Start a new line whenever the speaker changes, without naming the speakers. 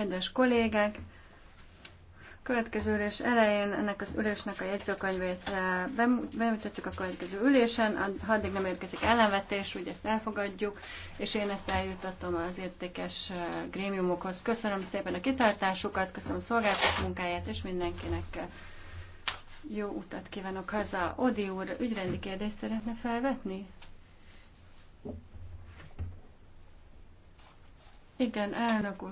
Kedves kollégák, következő ülés elején ennek az ülésnek a jegyzőkönyvét eh, bemutatjuk a következő ülésen, addig nem érkezik ellenvetés, úgy ezt elfogadjuk, és én ezt eljutatom az értékes eh, grémiumokhoz. Köszönöm szépen a kitartásukat, köszönöm a szolgáltatás munkáját, és mindenkinek eh, jó utat kívánok haza. Odi úr, ügyrendi kérdést szeretne felvetni? Igen,
elnök úr,